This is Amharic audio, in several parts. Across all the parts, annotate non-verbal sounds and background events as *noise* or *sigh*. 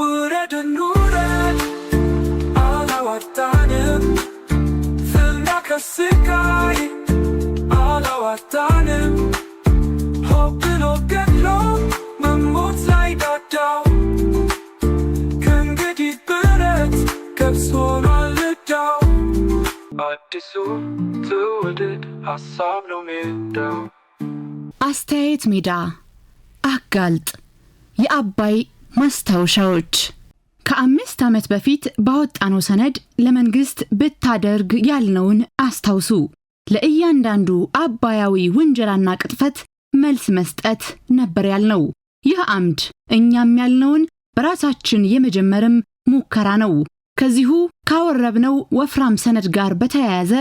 ውረድ እንውረድ አላዋጣንም፣ ፍና ከስቃይ አላዋጣንም። ሆብሎ ገድሎ መሞት ላይ ዳዳው ከእንግዲህ ብረት ገብስ አዲሱ ትውልድ አስተያየት ሜዳ አጋልጥ የአባይ ማስታወሻዎች ከአምስት ዓመት በፊት ባወጣነው ሰነድ ለመንግስት ብታደርግ ያልነውን አስታውሱ። ለእያንዳንዱ አባያዊ ውንጀላና ቅጥፈት መልስ መስጠት ነበር ያልነው። ይህ አምድ እኛም ያልነውን በራሳችን የመጀመርም ሙከራ ነው። ከዚሁ ካወረብነው ወፍራም ሰነድ ጋር በተያያዘ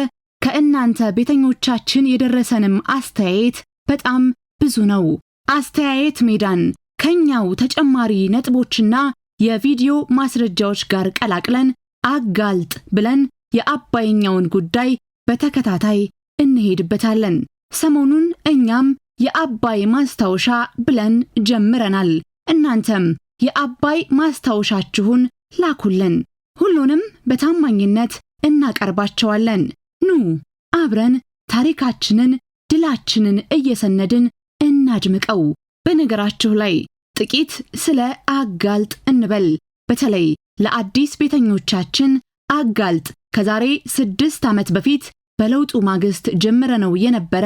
ከእናንተ ቤተኞቻችን የደረሰንም አስተያየት በጣም ብዙ ነው። አስተያየት ሜዳን ከኛው ተጨማሪ ነጥቦችና የቪዲዮ ማስረጃዎች ጋር ቀላቅለን አጋልጥ ብለን የአባይኛውን ጉዳይ በተከታታይ እንሄድበታለን። ሰሞኑን እኛም የአባይ ማስታወሻ ብለን ጀምረናል። እናንተም የአባይ ማስታወሻችሁን ላኩልን። ሁሉንም በታማኝነት እናቀርባቸዋለን። ኑ አብረን ታሪካችንን ድላችንን እየሰነድን እናድምቀው። በነገራችሁ ላይ ጥቂት ስለ አጋልጥ እንበል። በተለይ ለአዲስ ቤተኞቻችን አጋልጥ ከዛሬ ስድስት ዓመት በፊት በለውጡ ማግስት ጀምረነው የነበረ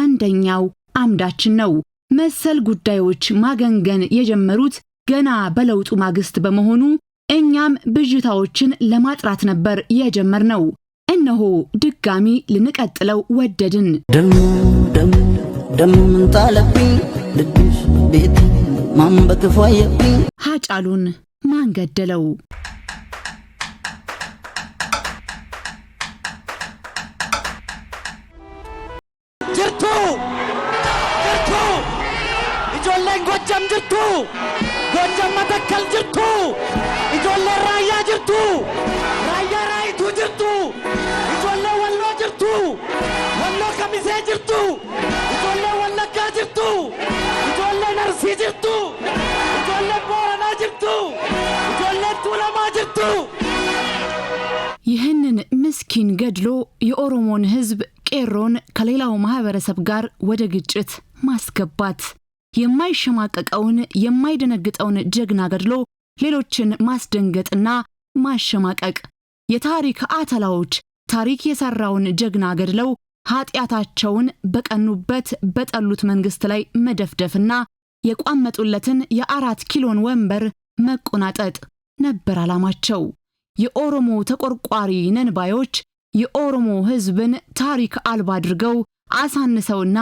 አንደኛው አምዳችን ነው። መሰል ጉዳዮች ማገንገን የጀመሩት ገና በለውጡ ማግስት በመሆኑ እኛም ብዥታዎችን ለማጥራት ነበር የጀመርነው። እነሆ ድጋሚ ልንቀጥለው ወደድን። ደም ደም ደም ጣለብኝ ልብሽ ቤት ማን ሀጫሉን ማን ጅርቱ ጅርቱ ይጆለኝ ጎጀም ጅርቱ ጎጀም መተከል ጅርቱ ይጆለን ራያ ጅርቱ ራያ ራይቱ ጅርቱ ይጆለ ወሎ ጅርቱ ወሎ ከሚሴ ጅርቱ ijoolleen booranaa ijoolleen tuulamaa ይህንን ምስኪን ገድሎ የኦሮሞን ህዝብ ቄሮን ከሌላው ማህበረሰብ ጋር ወደ ግጭት ማስገባት የማይሸማቀቀውን የማይደነግጠውን ጀግና ገድሎ ሌሎችን ማስደንገጥና ማሸማቀቅ የታሪክ አተላዎች ታሪክ የሰራውን ጀግና ገድለው ኃጢአታቸውን በቀኑበት በጠሉት መንግስት ላይ መደፍደፍና የቋመጡለትን የአራት ኪሎን ወንበር መቆናጠጥ ነበር ዓላማቸው። የኦሮሞ ተቆርቋሪ ነንባዮች የኦሮሞ ሕዝብን ታሪክ አልባ አድርገው አሳንሰውና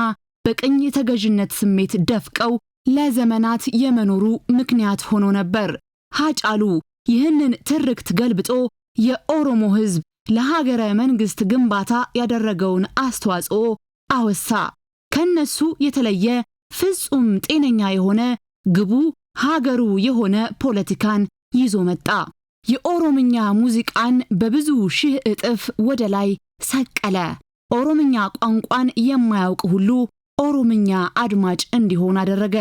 በቅኝ ተገዥነት ስሜት ደፍቀው ለዘመናት የመኖሩ ምክንያት ሆኖ ነበር። ሀጫሉ ይህንን ትርክት ገልብጦ የኦሮሞ ሕዝብ ለሀገረ መንግስት ግንባታ ያደረገውን አስተዋጽኦ አወሳ። ከነሱ የተለየ ፍጹም ጤነኛ የሆነ ግቡ ሀገሩ የሆነ ፖለቲካን ይዞ መጣ። የኦሮምኛ ሙዚቃን በብዙ ሺህ እጥፍ ወደ ላይ ሰቀለ። ኦሮምኛ ቋንቋን የማያውቅ ሁሉ ኦሮምኛ አድማጭ እንዲሆን አደረገ።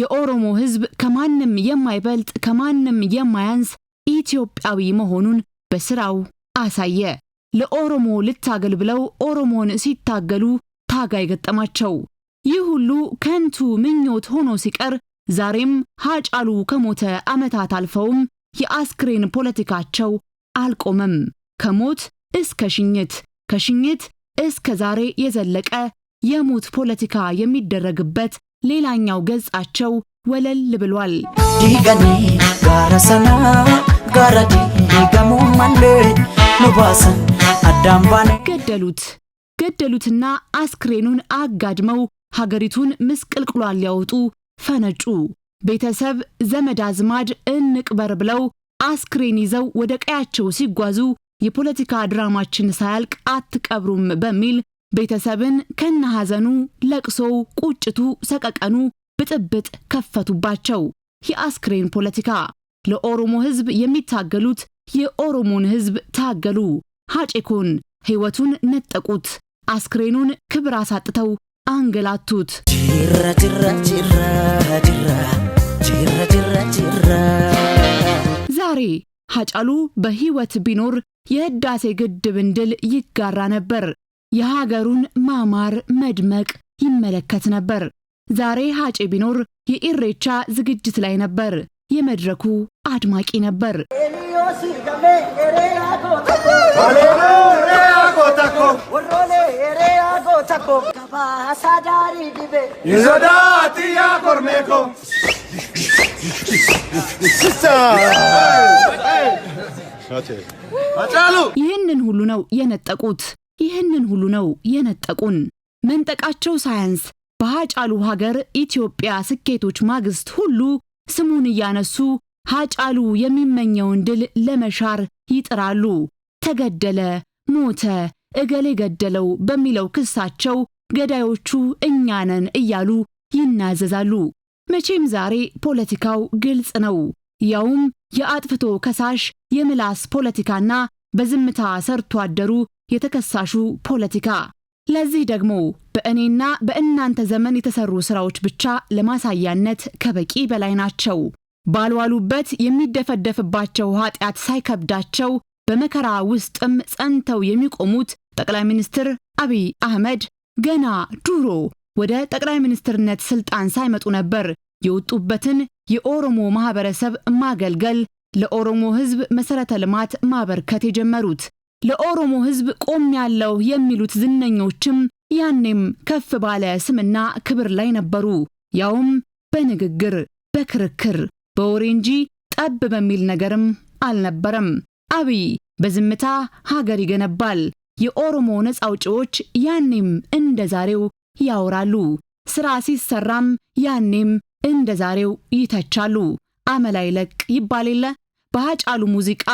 የኦሮሞ ሕዝብ ከማንም የማይበልጥ ከማንም የማያንስ ኢትዮጵያዊ መሆኑን በስራው አሳየ። ለኦሮሞ ልታገል ብለው ኦሮሞን ሲታገሉ ታጋይ ገጠማቸው። ሁሉ ከንቱ ምኞት ሆኖ ሲቀር ዛሬም ሃጫሉ ከሞተ ዓመታት አልፈውም የአስክሬን ፖለቲካቸው አልቆመም። ከሞት እስከ ሽኝት፣ ከሽኝት እስከ ዛሬ የዘለቀ የሞት ፖለቲካ የሚደረግበት ሌላኛው ገጻቸው ወለል ብሏል። ዲገኒ ጋረሰና ጋረዲ ገሙ ማንዴ ገደሉት ገደሉትና አስክሬኑን አጋድመው ሀገሪቱን ምስቅልቅሏን ሊያወጡ ፈነጩ። ቤተሰብ ዘመድ አዝማድ እንቅበር ብለው አስክሬን ይዘው ወደ ቀያቸው ሲጓዙ የፖለቲካ ድራማችን ሳያልቅ አትቀብሩም በሚል ቤተሰብን ከነ ሐዘኑ፣ ለቅሶው፣ ቁጭቱ፣ ሰቀቀኑ ብጥብጥ ከፈቱባቸው። የአስክሬን ፖለቲካ ለኦሮሞ ሕዝብ የሚታገሉት የኦሮሞን ሕዝብ ታገሉ። ሐጬኮን ሕይወቱን ነጠቁት። አስክሬኑን ክብር አሳጥተው አንገላቱት። ዛሬ ሀጫሉ በህይወት ቢኖር የህዳሴ ግድብን ድል ይጋራ ነበር። የሀገሩን ማማር መድመቅ ይመለከት ነበር። ዛሬ ሀጬ ቢኖር የኢሬቻ ዝግጅት ላይ ነበር። የመድረኩ አድማቂ ነበር። takko ይህንን ሁሉ ነው የነጠቁት። ይህንን ሁሉ ነው የነጠቁን። መንጠቃቸው ሳያንስ በሀጫሉ ሀገር ኢትዮጵያ ስኬቶች ማግስት ሁሉ ስሙን እያነሱ ሀጫሉ የሚመኘውን ድል ለመሻር ይጥራሉ። ተገደለ፣ ሞተ፣ እገሌ ገደለው በሚለው ክሳቸው ገዳዮቹ እኛ ነን እያሉ ይናዘዛሉ። መቼም ዛሬ ፖለቲካው ግልጽ ነው። ያውም የአጥፍቶ ከሳሽ የምላስ ፖለቲካና በዝምታ ሰርቶ አደሩ የተከሳሹ ፖለቲካ። ለዚህ ደግሞ በእኔና በእናንተ ዘመን የተሰሩ ስራዎች ብቻ ለማሳያነት ከበቂ በላይ ናቸው። ባልዋሉበት የሚደፈደፍባቸው ኃጢአት ሳይከብዳቸው በመከራ ውስጥም ጸንተው የሚቆሙት ጠቅላይ ሚኒስትር አቢይ አህመድ ገና ድሮ ወደ ጠቅላይ ሚኒስትርነት ስልጣን ሳይመጡ ነበር የወጡበትን የኦሮሞ ማህበረሰብ ማገልገል፣ ለኦሮሞ ህዝብ መሰረተ ልማት ማበርከት የጀመሩት። ለኦሮሞ ህዝብ ቆም ያለው የሚሉት ዝነኞችም ያኔም ከፍ ባለ ስምና ክብር ላይ ነበሩ። ያውም በንግግር፣ በክርክር፣ በወሬ እንጂ ጠብ በሚል ነገርም አልነበረም። አብይ በዝምታ ሀገር ይገነባል፣ የኦሮሞ ነጻ አውጪዎች ያኔም እንደ ዛሬው ያወራሉ። ስራ ሲሰራም ያኔም እንደ ዛሬው ይተቻሉ። አመላይ ለቅ ይባል የለ በሀጫሉ ሙዚቃ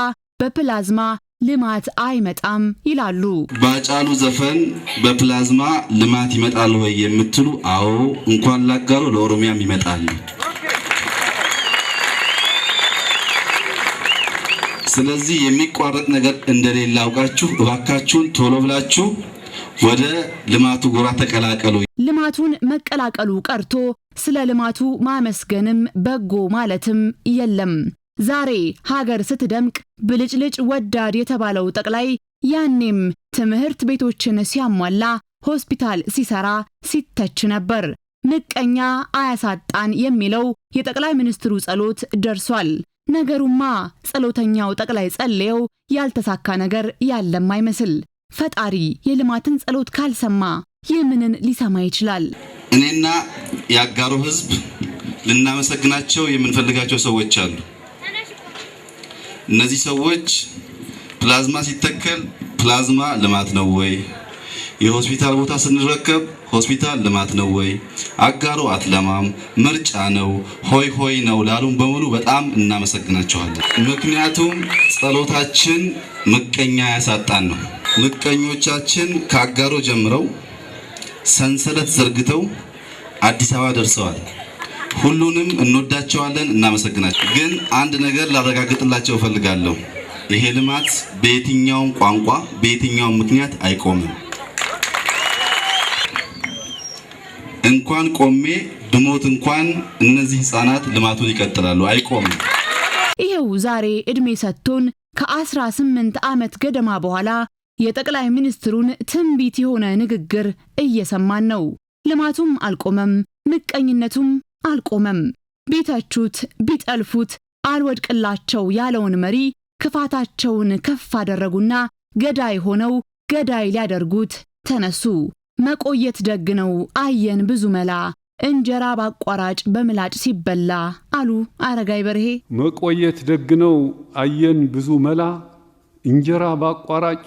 በፕላዝማ ልማት አይመጣም ይላሉ። በአጫሉ ዘፈን በፕላዝማ ልማት ይመጣል ወይ የምትሉ፣ አዎ እንኳን ላጋሎ ለኦሮሚያም ይመጣል። ስለዚህ የሚቋረጥ ነገር እንደሌለ አውቃችሁ እባካችሁን ቶሎ ብላችሁ ወደ ልማቱ ጎራ ተቀላቀሉ። ልማቱን መቀላቀሉ ቀርቶ ስለ ልማቱ ማመስገንም በጎ ማለትም የለም። ዛሬ ሀገር ስትደምቅ ብልጭልጭ ወዳድ የተባለው ጠቅላይ ያኔም ትምህርት ቤቶችን ሲያሟላ፣ ሆስፒታል ሲሰራ ሲተች ነበር። ምቀኛ አያሳጣን የሚለው የጠቅላይ ሚኒስትሩ ጸሎት ደርሷል። ነገሩማ ጸሎተኛው ጠቅላይ ጸልየው ያልተሳካ ነገር ያለም አይመስል። ፈጣሪ የልማትን ጸሎት ካልሰማ የምንን ሊሰማ ይችላል? እኔና የአጋሩ ህዝብ ልናመሰግናቸው የምንፈልጋቸው ሰዎች አሉ። እነዚህ ሰዎች ፕላዝማ ሲተከል ፕላዝማ ልማት ነው ወይ? የሆስፒታል ቦታ ስንረከብ ሆስፒታል ልማት ነው ወይ? አጋሮ አትለማም ምርጫ ነው ሆይ ሆይ ነው ላሉን በሙሉ በጣም እናመሰግናቸዋለን። ምክንያቱም ጸሎታችን ምቀኛ ያሳጣን ነው። ምቀኞቻችን ከአጋሮ ጀምረው ሰንሰለት ዘርግተው አዲስ አበባ ደርሰዋል። ሁሉንም እንወዳቸዋለን፣ እናመሰግናቸው። ግን አንድ ነገር ላረጋግጥላቸው እፈልጋለሁ። ይሄ ልማት በየትኛውም ቋንቋ በየትኛውም ምክንያት አይቆምም። እንኳን ቆሜ ብሞት እንኳን እነዚህ ህፃናት ልማቱን ይቀጥላሉ፣ አይቆምም። ይኸው ዛሬ ዕድሜ ሰጥቶን ከአስራ ስምንት ዓመት ገደማ በኋላ የጠቅላይ ሚኒስትሩን ትንቢት የሆነ ንግግር እየሰማን ነው። ልማቱም አልቆመም፣ ምቀኝነቱም አልቆመም። ቢተቹት ቢጠልፉት አልወድቅላቸው ያለውን መሪ ክፋታቸውን ከፍ አደረጉና ገዳይ ሆነው ገዳይ ሊያደርጉት ተነሱ። መቆየት ደግ ነው፣ አየን ብዙ መላ እንጀራ በአቋራጭ በምላጭ ሲበላ አሉ አረጋይ በርሄ። መቆየት ደግ ነው፣ አየን ብዙ መላ እንጀራ በአቋራጭ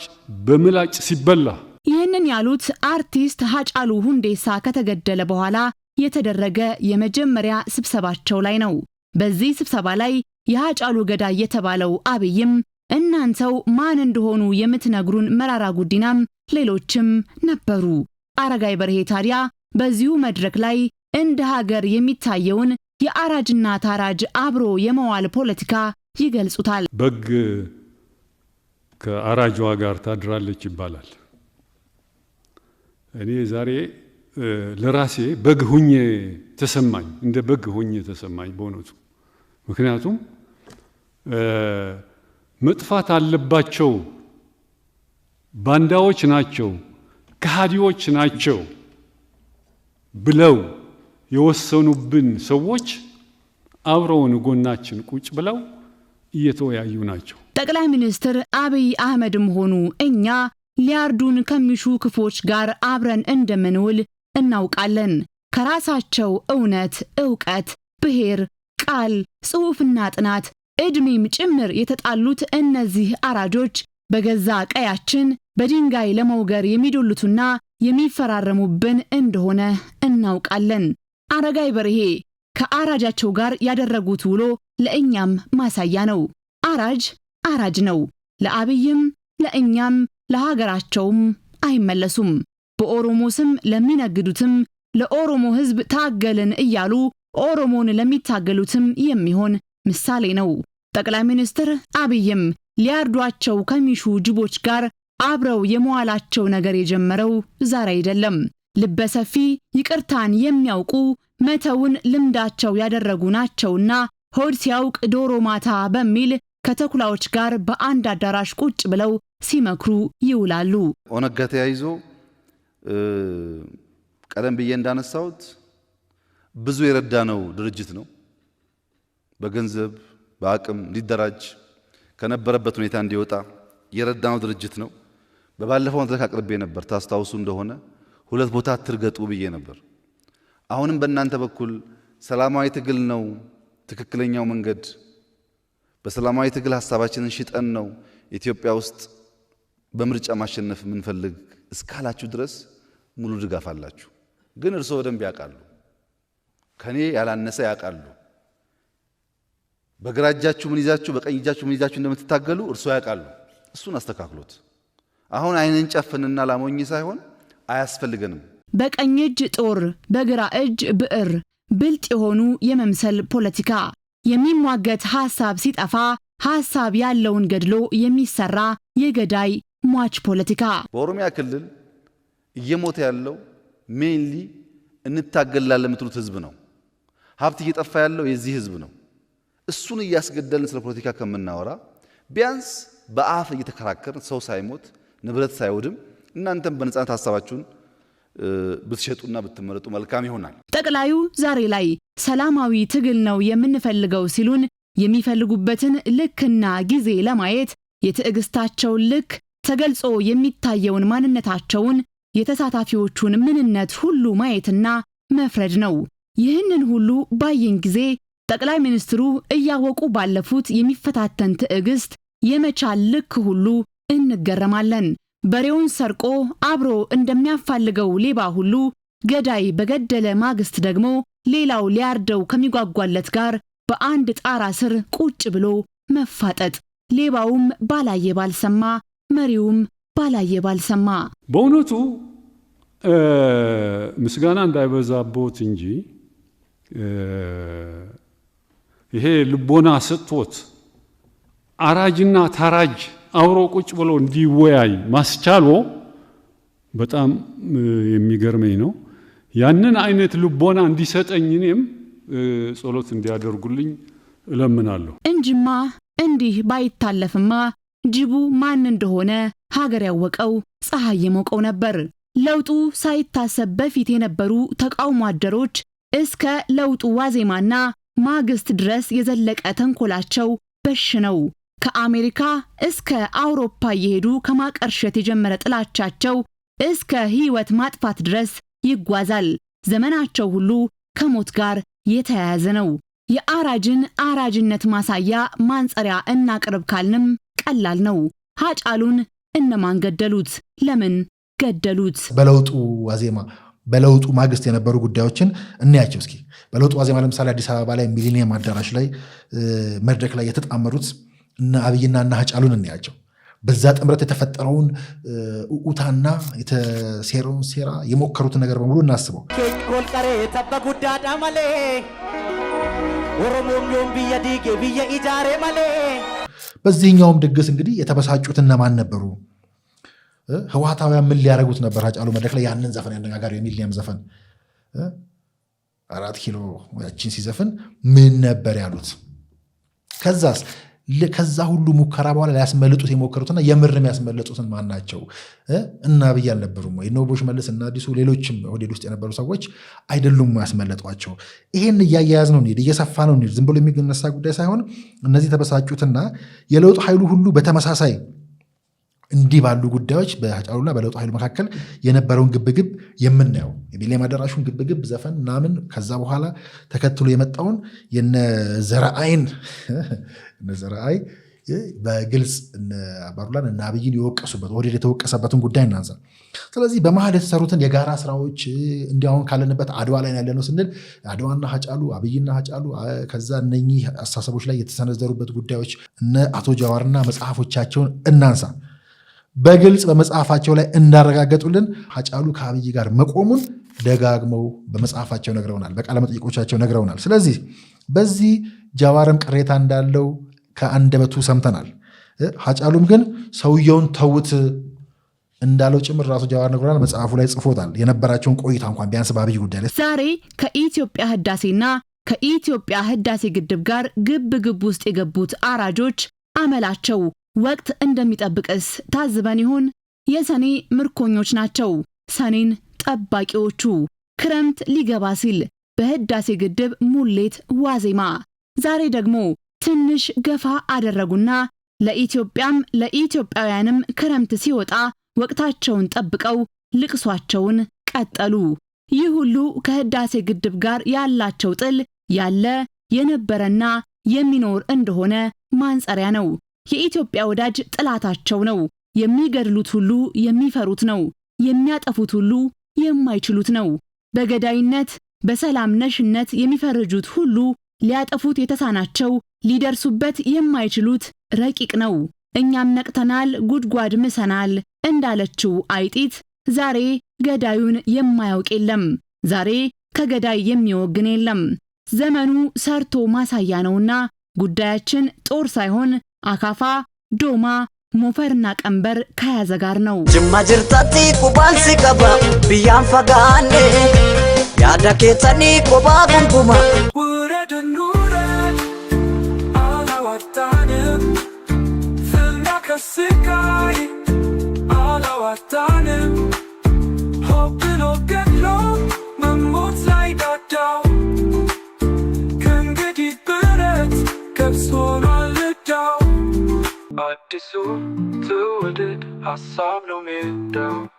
በምላጭ ሲበላ። ይህንን ያሉት አርቲስት ሀጫሉ ሁንዴሳ ከተገደለ በኋላ የተደረገ የመጀመሪያ ስብሰባቸው ላይ ነው። በዚህ ስብሰባ ላይ የሀጫሉ ገዳይ የተባለው አብይም እናንተው ማን እንደሆኑ የምትነግሩን መራራ ጉዲናም ሌሎችም ነበሩ። አረጋይ በርሄ ታዲያ በዚሁ መድረክ ላይ እንደ ሀገር የሚታየውን የአራጅና ታራጅ አብሮ የመዋል ፖለቲካ ይገልጹታል። በግ ከአራጇ ጋር ታድራለች ይባላል። እኔ ዛሬ ለራሴ በግ ሁኜ ተሰማኝ፣ እንደ በግ ሁኜ ተሰማኝ በእውነቱ ምክንያቱም መጥፋት አለባቸው ባንዳዎች ናቸው ከሃዲዎች ናቸው ብለው የወሰኑብን ሰዎች አብረውን ጎናችን ቁጭ ብለው እየተወያዩ ናቸው። ጠቅላይ ሚኒስትር አብይ አህመድም ሆኑ እኛ ሊያርዱን ከሚሹ ክፎች ጋር አብረን እንደምንውል እናውቃለን። ከራሳቸው እውነት፣ እውቀት፣ ብሔር፣ ቃል፣ ጽሑፍና ጥናት እድሜም ጭምር የተጣሉት እነዚህ አራጆች በገዛ ቀያችን በድንጋይ ለመውገር የሚዶሉትና የሚፈራረሙብን እንደሆነ እናውቃለን። አረጋይ በርሄ ከአራጃቸው ጋር ያደረጉት ውሎ ለእኛም ማሳያ ነው። አራጅ አራጅ ነው። ለአብይም ለእኛም ለሀገራቸውም አይመለሱም። በኦሮሞ ስም ለሚነግዱትም ለኦሮሞ ሕዝብ ታገልን እያሉ ኦሮሞን ለሚታገሉትም የሚሆን ምሳሌ ነው። ጠቅላይ ሚኒስትር አብይም ሊያርዷቸው ከሚሹ ጅቦች ጋር አብረው የመዋላቸው ነገር የጀመረው ዛሬ አይደለም። ልበሰፊ ይቅርታን የሚያውቁ መተውን ልምዳቸው ያደረጉ ናቸውና ሆድ ሲያውቅ ዶሮ ማታ በሚል ከተኩላዎች ጋር በአንድ አዳራሽ ቁጭ ብለው ሲመክሩ ይውላሉ። ኦነግ ጋ ተያይዞ ቀደም ብዬ እንዳነሳሁት ብዙ የረዳነው ድርጅት ነው። በገንዘብ በአቅም ሊደራጅ ከነበረበት ሁኔታ እንዲወጣ የረዳነው ድርጅት ነው። በባለፈው መድረክ አቅርቤ ነበር። ታስታውሱ እንደሆነ ሁለት ቦታ ትርገጡ ብዬ ነበር። አሁንም በእናንተ በኩል ሰላማዊ ትግል ነው ትክክለኛው መንገድ። በሰላማዊ ትግል ሀሳባችንን ሽጠን ነው ኢትዮጵያ ውስጥ በምርጫ ማሸነፍ የምንፈልግ እስካላችሁ ድረስ ሙሉ ድጋፍ አላችሁ። ግን እርስዎ በደንብ ያውቃሉ፣ ከኔ ያላነሰ ያውቃሉ። በግራ እጃችሁ ምን ይዛችሁ በቀኝ እጃችሁ ምን ይዛችሁ እንደምትታገሉ እርሶ ያውቃሉ። እሱን አስተካክሎት። አሁን አይንን ጨፍንና ላሞኝ ሳይሆን አያስፈልገንም። በቀኝ እጅ ጦር፣ በግራ እጅ ብዕር፣ ብልጥ የሆኑ የመምሰል ፖለቲካ የሚሟገት ሐሳብ ሲጠፋ ሐሳብ ያለውን ገድሎ የሚሰራ የገዳይ ሟች ፖለቲካ። በኦሮሚያ ክልል እየሞተ ያለው ሜንሊ እንታገላለን የምትሉት ህዝብ ነው። ሀብት እየጠፋ ያለው የዚህ ህዝብ ነው። እሱን እያስገደልን ስለ ፖለቲካ ከምናወራ ቢያንስ በአፍ እየተከራከርን ሰው ሳይሞት ንብረት ሳይወድም እናንተም በነጻነት ሀሳባችሁን ብትሸጡና ብትመረጡ መልካም ይሆናል። ጠቅላዩ ዛሬ ላይ ሰላማዊ ትግል ነው የምንፈልገው ሲሉን የሚፈልጉበትን ልክና ጊዜ ለማየት የትዕግስታቸውን ልክ ተገልጾ የሚታየውን ማንነታቸውን የተሳታፊዎቹን ምንነት ሁሉ ማየትና መፍረድ ነው። ይህንን ሁሉ ባየን ጊዜ ጠቅላይ ሚኒስትሩ እያወቁ ባለፉት የሚፈታተን ትዕግስት የመቻል ልክ ሁሉ እንገረማለን። በሬውን ሰርቆ አብሮ እንደሚያፋልገው ሌባ ሁሉ ገዳይ በገደለ ማግስት ደግሞ ሌላው ሊያርደው ከሚጓጓለት ጋር በአንድ ጣራ ስር ቁጭ ብሎ መፋጠጥ፣ ሌባውም ባላየ ባልሰማ፣ መሪውም ባላየ ባልሰማ። በእውነቱ ምስጋና እንዳይበዛቦት እንጂ ይሄ ልቦና ሰጥቶት አራጅና ታራጅ አብሮ ቁጭ ብሎ እንዲወያይ ማስቻሎ በጣም የሚገርመኝ ነው። ያንን አይነት ልቦና እንዲሰጠኝ እኔም ጸሎት እንዲያደርጉልኝ እለምናለሁ። እንጅማ እንዲህ ባይታለፍማ ጅቡ ማን እንደሆነ ሀገር ያወቀው ፀሐይ የሞቀው ነበር። ለውጡ ሳይታሰብ በፊት የነበሩ ተቃውሞ አደሮች እስከ ለውጡ ዋዜማና ማግስት ድረስ የዘለቀ ተንኮላቸው በሽ ነው። ከአሜሪካ እስከ አውሮፓ እየሄዱ ከማቀርሸት የጀመረ ጥላቻቸው እስከ ሕይወት ማጥፋት ድረስ ይጓዛል። ዘመናቸው ሁሉ ከሞት ጋር የተያያዘ ነው። የአራጅን አራጅነት ማሳያ ማንጸሪያ እናቅርብ ካልንም ቀላል ነው። ሀጫሉን እነማን ገደሉት? ለምን ገደሉት? በለውጡ ዋዜማ፣ በለውጡ ማግስት የነበሩ ጉዳዮችን እናያቸው እስኪ። በለውጥ ዋዜማ ለምሳሌ አዲስ አበባ ላይ ሚሊኒየም አዳራሽ ላይ መድረክ ላይ የተጣመሩት እነ አብይና እነ ሀጫሉን በዛ ጥምረት የተፈጠረውን እዑታና የተሴረውን ሴራ የሞከሩትን ነገር በሙሉ እናስበው። ጎልቀሬ ተበ መሌ ኦሮሞም ብየ ዲጌ ብየ ኢጃሬ መሌ። በዚህኛውም ድግስ እንግዲህ የተበሳጩት እነማን ነበሩ? ህወሓታውያን ምን ሊያደርጉት ነበር? ሀጫሉ መድረክ ላይ ያንን ዘፈን ያነጋጋሪ የሚሊኒየም ዘፈን አራት ኪሎ ያችን ሲዘፍን ምን ነበር ያሉት? ከዛስ ከዛ ሁሉ ሙከራ በኋላ ሊያስመልጡት የሞከሩትና የምር ያስመለጡትን ማን ናቸው? እና አብይ አልነበሩም ወይ? እነ ቦሽ መለስ እና አዲሱ ሌሎችም ኦህዴድ ውስጥ የነበሩ ሰዎች አይደሉም ያስመለጧቸው? ይሄን እያያያዝ ነው እንሂድ፣ እየሰፋ ነው እንሂድ። ዝም ብሎ የሚነሳ ጉዳይ ሳይሆን እነዚህ ተበሳጩትና የለውጥ ኃይሉ ሁሉ በተመሳሳይ እንዲህ ባሉ ጉዳዮች በጫሉና በለውጥ ኃይሉ መካከል የነበረውን ግብግብ የምናየው የቢሌም አዳራሹን ግብግብ ዘፈን ምናምን ከዛ በኋላ ተከትሎ የመጣውን የነዘረአይን *laughs* ነዘረአይ በግልጽ አባዱላን እና አብይን የወቀሱበት ወደድ የተወቀሰበትን ጉዳይ እናንሳ። ስለዚህ በመሀል የተሰሩትን የጋራ ስራዎች እንዲሁን ካለንበት አድዋ ላይ ያለ ነው ስንል አድዋና ሀጫሉ አብይና ሀጫሉ ከዛ እነኚህ አስተሳሰቦች ላይ የተሰነዘሩበት ጉዳዮች እነ አቶ ጃዋርና መጽሐፎቻቸውን እናንሳ። በግልጽ በመጽሐፋቸው ላይ እንዳረጋገጡልን ሀጫሉ ከአብይ ጋር መቆሙን ደጋግመው በመጽሐፋቸው ነግረውናል፣ በቃለ መጠይቆቻቸው ነግረውናል። ስለዚህ በዚህ ጀዋርም ቅሬታ እንዳለው ከአንደበቱ ሰምተናል። ሀጫሉም ግን ሰውየውን ተውት እንዳለው ጭምር ራሱ ጃዋር ነግሮናል። መጽሐፉ ላይ ጽፎታል። የነበራቸውን ቆይታ እንኳን ቢያንስ በአብይ ጉዳይ ላይ ዛሬ ከኢትዮጵያ ህዳሴና ከኢትዮጵያ ህዳሴ ግድብ ጋር ግብ ግብ ውስጥ የገቡት አራጆች አመላቸው ወቅት እንደሚጠብቅስ ታዝበን ይሆን? የሰኔ ምርኮኞች ናቸው ሰኔን ጠባቂዎቹ። ክረምት ሊገባ ሲል በህዳሴ ግድብ ሙሌት ዋዜማ ዛሬ ደግሞ ትንሽ ገፋ አደረጉና ለኢትዮጵያም ለኢትዮጵያውያንም ክረምት ሲወጣ ወቅታቸውን ጠብቀው ልቅሷቸውን ቀጠሉ። ይህ ሁሉ ከህዳሴ ግድብ ጋር ያላቸው ጥል ያለ የነበረና የሚኖር እንደሆነ ማንጸሪያ ነው። የኢትዮጵያ ወዳጅ ጥላታቸው ነው። የሚገድሉት ሁሉ የሚፈሩት ነው። የሚያጠፉት ሁሉ የማይችሉት ነው። በገዳይነት በሰላም ነሽነት የሚፈርጁት ሁሉ ሊያጠፉት የተሳናቸው ሊደርሱበት የማይችሉት ረቂቅ ነው። እኛም ነቅተናል፣ ጉድጓድ ምሰናል እንዳለችው አይጢት ዛሬ ገዳዩን የማያውቅ የለም። ዛሬ ከገዳይ የሚወግን የለም። ዘመኑ ሰርቶ ማሳያ ነውና ጉዳያችን ጦር ሳይሆን አካፋ፣ ዶማ፣ ሞፈርና ቀንበር ከያዘ ጋር ነው። ጅማ ጅርታቲ ሲቀባ ቀባ ብያን ፈጋኔ ያዳ ቆባ ጉንጉማ ከስቃይ አላዋጣንም መሞት ላይ ዳዳው disso, tudo, a sobe no meu